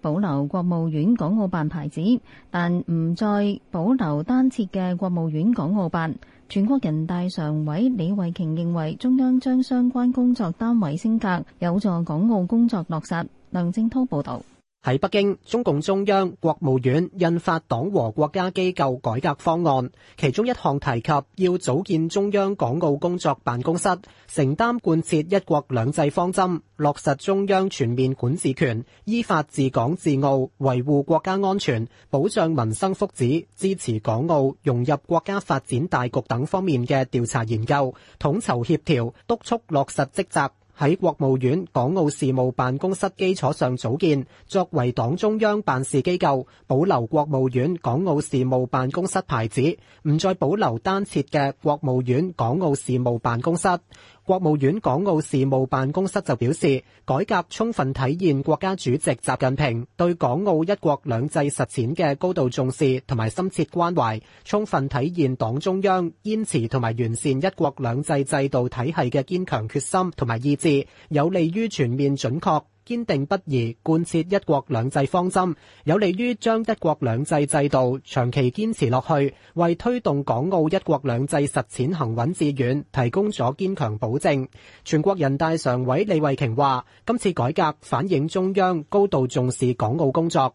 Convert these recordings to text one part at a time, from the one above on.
保留國務院港澳辦牌子，但唔再保留單設嘅國務院港澳辦。全國人大常委李慧瓊認為，中央將相關工作單位升格，有助港澳工作落實。梁正滔報導。喺北京，中共中央、國務院印發黨和國家機構改革方案，其中一項提及要組建中央港澳工作辦公室，承擔貫徹“一國兩制”方針、落實中央全面管治權、依法治港治澳、維護國家安全、保障民生福祉、支持港澳融入國家發展大局等方面嘅調查研究、統籌協調、督促落實職責。喺國務院港澳事務辦公室基礎上組建，作為黨中央辦事機構，保留國務院港澳事務辦公室牌子，唔再保留單設嘅國務院港澳事務辦公室。國務院港澳事務辦公室就表示，改革充分體現國家主席習近平對港澳一國兩制實踐嘅高度重視同埋深切關懷，充分體現黨中央堅持同埋完善一國兩制制度體系嘅堅強決心同埋意志，有利於全面準確。堅定不移貫徹一國兩制方針，有利於將一國兩制制度長期堅持落去，為推動港澳一國兩制實踐行穩致遠提供咗堅強保證。全國人大常委李慧瓊話，今次改革反映中央高度重視港澳工作。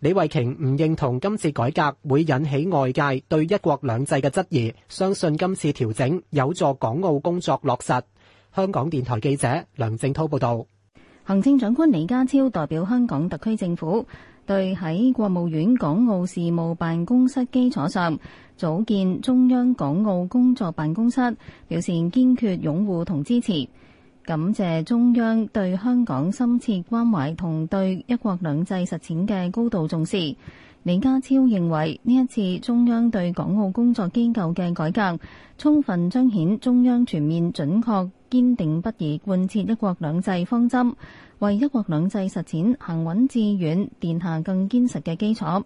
李慧瓊唔認同今次改革會引起外界對一國兩制嘅質疑，相信今次調整有助港澳工作落實。香港電台記者梁正濤報道。行政長官李家超代表香港特區政府對喺國務院港澳事務辦公室基礎上組建中央港澳工作辦公室，表示堅決擁護同支持。感謝中央對香港深切關懷同對一國兩制實踐嘅高度重視。李家超認為呢一次中央對港澳工作機構嘅改革，充分彰顯中央全面準確堅定不移貫徹一國兩制方針，為一國兩制實踐行穩致遠奠下更堅實嘅基礎。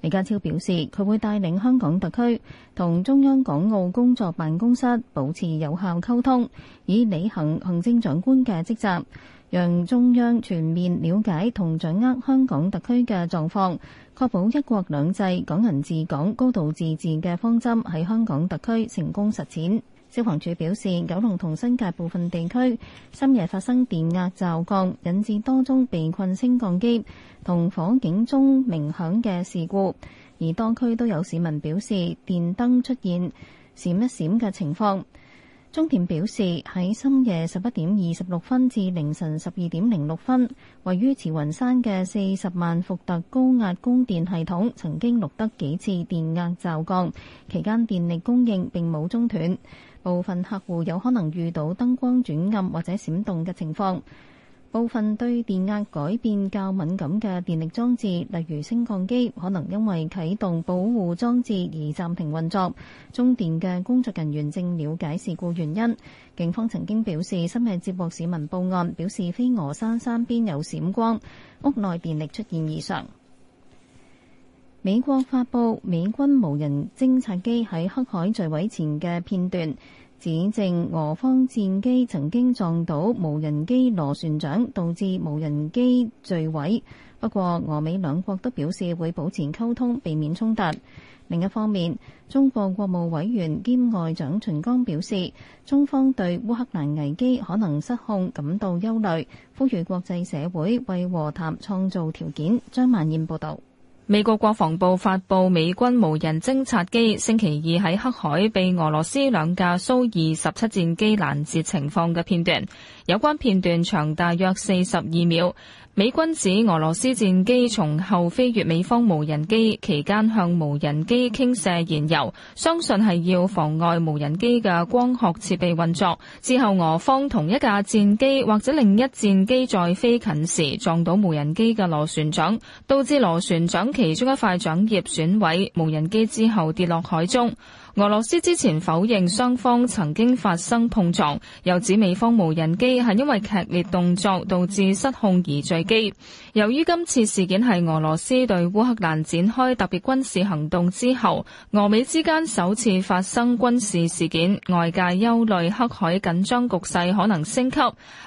李家超表示，佢會帶領香港特區同中央港澳工作辦公室保持有效溝通，以履行行政長官嘅職責，讓中央全面了解同掌握香港特區嘅狀況，確保一國兩制、港人治港、高度自治嘅方針喺香港特區成功實踐。消防處表示，九龍同新界部分地區深夜發生電壓驟降，引致多宗被困升降機同火警鐘鳴響嘅事故。而多區都有市民表示電燈出現閃一閃嘅情況。中電表示，喺深夜十一點二十六分至凌晨十二點零六分，位於慈雲山嘅四十萬伏特高壓供電系統曾經錄得幾次電壓驟降，期間電力供應並冇中斷。部分客戶有可能遇到燈光轉暗或者閃動嘅情況，部分對電壓改變較敏感嘅電力裝置，例如升降機，可能因為啟動保護裝置而暫停運作。中電嘅工作人員正了解事故原因。警方曾經表示，深夜接獲市民報案，表示飛鵝山山邊有閃光，屋內電力出現異常。美國發布美軍無人偵察機喺黑海墜毀前嘅片段，指證俄方戰機曾經撞到無人機螺旋槳，導致無人機墜毀。不過，俄美兩國都表示會保持溝通，避免衝突。另一方面，中國國務委員兼外長秦剛表示，中方對烏克蘭危機可能失控感到憂慮，呼籲國際社會為和談創造條件。張曼燕報道。美國國防部發布美軍無人偵察機星期二喺黑海被俄羅斯兩架蘇二十七戰機攔截情況嘅片段，有關片段長大約四十二秒。美軍指俄羅斯戰機從後飛越美方無人機期間，向無人機傾瀉燃油，相信係要妨礙無人機嘅光學設備運作。之後，俄方同一架戰機或者另一戰機在飛近時撞到無人機嘅螺旋槳，導致螺旋槳其中一塊槳葉損毀，無人機之後跌落海中。俄羅斯之前否認雙方曾經發生碰撞，又指美方無人機係因為劇烈動作導致失控而墜機。由於今次事件係俄羅斯對烏克蘭展開特別軍事行動之後，俄美之間首次發生軍事事件，外界憂慮黑海緊張局勢可能升級。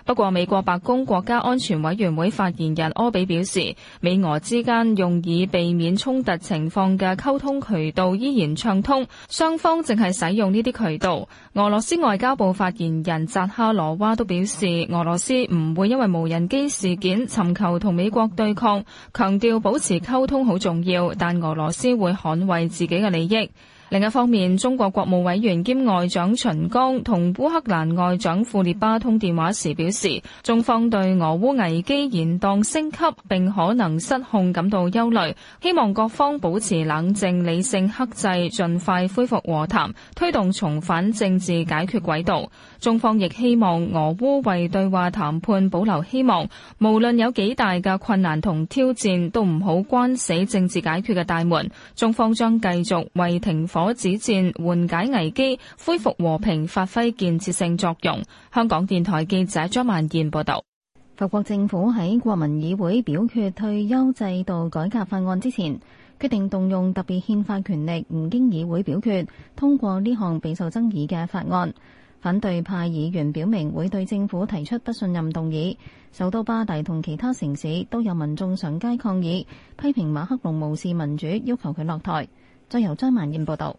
不過，美國白宮國家安全委員會發言人柯比表示，美俄之間用以避免衝突情況嘅溝通渠道依然暢通，雙。方淨係使用呢啲渠道，俄羅斯外交部發言人扎哈羅娃都表示，俄羅斯唔會因為無人機事件尋求同美國對抗，強調保持溝通好重要，但俄羅斯會捍衛自己嘅利益。另一方面，中國國務委員兼外長秦剛同烏克蘭外長庫列巴通電話時表示，中方對俄烏危機延宕升級並可能失控感到憂慮，希望各方保持冷靜、理性、克制，盡快恢復和談，推動重返政治解決軌道。中方亦希望俄烏為對話談判保留希望，無論有幾大嘅困難同挑戰，都唔好關死政治解決嘅大門。中方將繼續為停火。阻止戰，緩解危機、恢復和平、發揮建設性作用。香港電台記者張萬燕報道。法國政府喺國民議會表決退休制度改革法案之前，決定動用特別憲法權力，唔經議會表決通過呢項備受爭議嘅法案。反對派議員表明會對政府提出不信任動議。首都巴黎同其他城市都有民眾上街抗議，批評馬克龍無視民主，要求佢落台。再由張萬燕報道，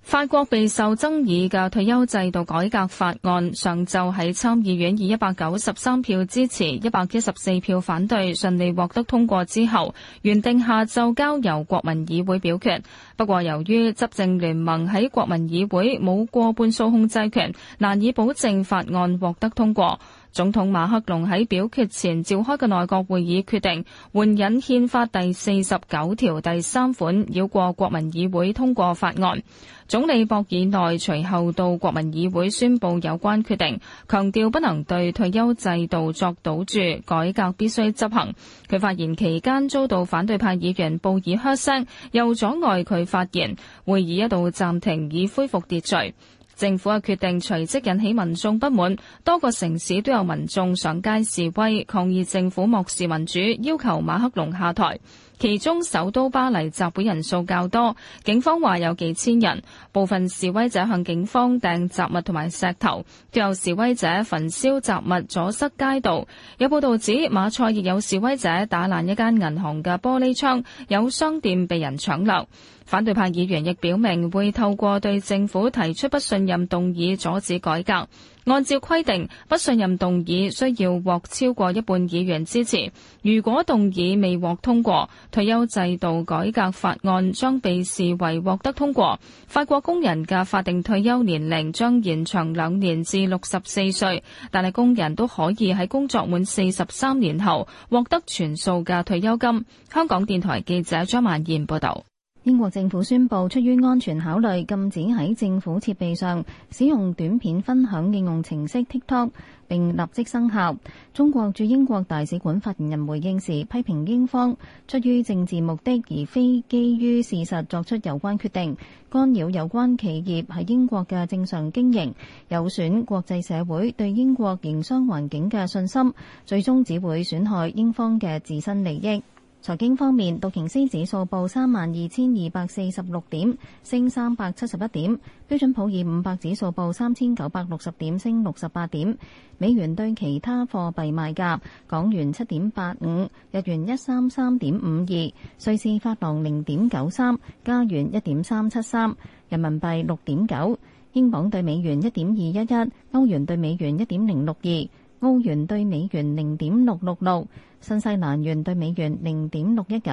法國備受爭議嘅退休制度改革法案上晝喺參議院以一百九十三票支持、一百一十四票反對順利獲得通過之後，原定下晝交由國民議會表決。不過，由於執政聯盟喺國民議會冇過半數控制權，難以保證法案獲得通過。總統馬克龍喺表決前召開嘅內閣會議決定援引憲法第四十九條第三款繞過國民議會通過法案。總理博爾內隨後到國民議會宣布有關決定，強調不能對退休制度作賭注，改革必須執行。佢發言期間遭到反對派議員報以噓聲，又阻礙佢發言，會議一度暫停，以恢復秩序。政府嘅決定隨即引起民眾不滿，多個城市都有民眾上街示威，抗議政府漠視民主，要求馬克龍下台。其中首都巴黎集會人數較多，警方話有幾千人。部分示威者向警方掟雜物同埋石頭，都有示威者焚燒雜物阻塞街道。有報道指馬賽亦有示威者打爛一間銀行嘅玻璃窗，有商店被人搶掠。反對派議員亦表明會透過對政府提出不信任動議阻止改革。按照規定，不信任動議需要獲超過一半議員支持。如果動議未獲通過，退休制度改革法案將被視為獲得通過。法國工人嘅法定退休年齡將延長兩年至六十四歲，但係工人都可以喺工作滿四十三年後獲得全數嘅退休金。香港電台記者張曼燕報導。英國政府宣布，出於安全考慮，禁止喺政府設備上使用短片分享應用程式 TikTok，並立即生效。中國駐英國大使館發言人回應時批評英方出於政治目的，而非基於事實作出有關決定，干擾有關企業喺英國嘅正常經營，有損國際社會對英國營商環境嘅信心，最終只會損害英方嘅自身利益。財經方面，道瓊斯指數報三萬二千二百四十六點，升三百七十一點；標準普爾五百指數報三千九百六十點，升六十八點。美元對其他貨幣賣價：港元七點八五，日元一三三點五二，瑞士法郎零點九三，加元一點三七三，人民幣六點九，英鎊對美元一點二一一，歐元對美元一點零六二。澳元兌美元零點六六六，新西蘭元兌美元零點六一九，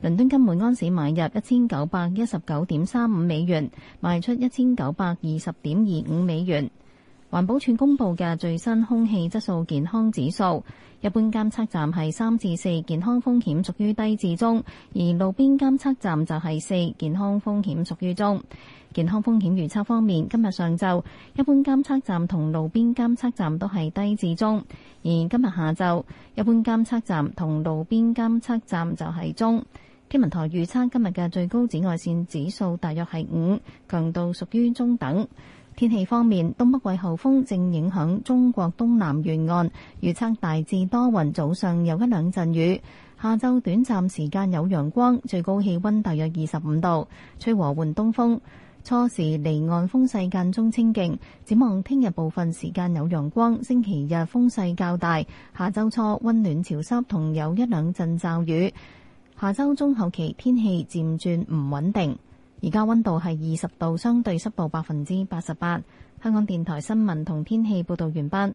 倫敦金每安士買入一千九百一十九點三五美元，賣出一千九百二十點二五美元。環保署公布嘅最新空氣質素健康指數，一般監測站係三至四，健康風險屬於低至中；而路邊監測站就係四，健康風險屬於中。健康風險預測方面，今日上晝，一般監測站同路邊監測站都係低至中；而今日下晝，一般監測站同路邊監測站就係中。天文台預測今日嘅最高紫外線指數大約係五，強度屬於中等。天氣方面，東北季候風正影響中國東南沿岸，預測大致多雲，早上有一兩陣雨。下晝短暫時間有陽光，最高氣溫大約二十五度，吹和緩東風。初時離岸風勢間中清勁，展望聽日部分時間有陽光。星期日風勢較大，下周初溫暖潮濕同有一兩陣驟雨。下周中後期天氣漸轉唔穩定。而家溫度係二十度，相對濕度百分之八十八。香港電台新聞同天氣報道完畢。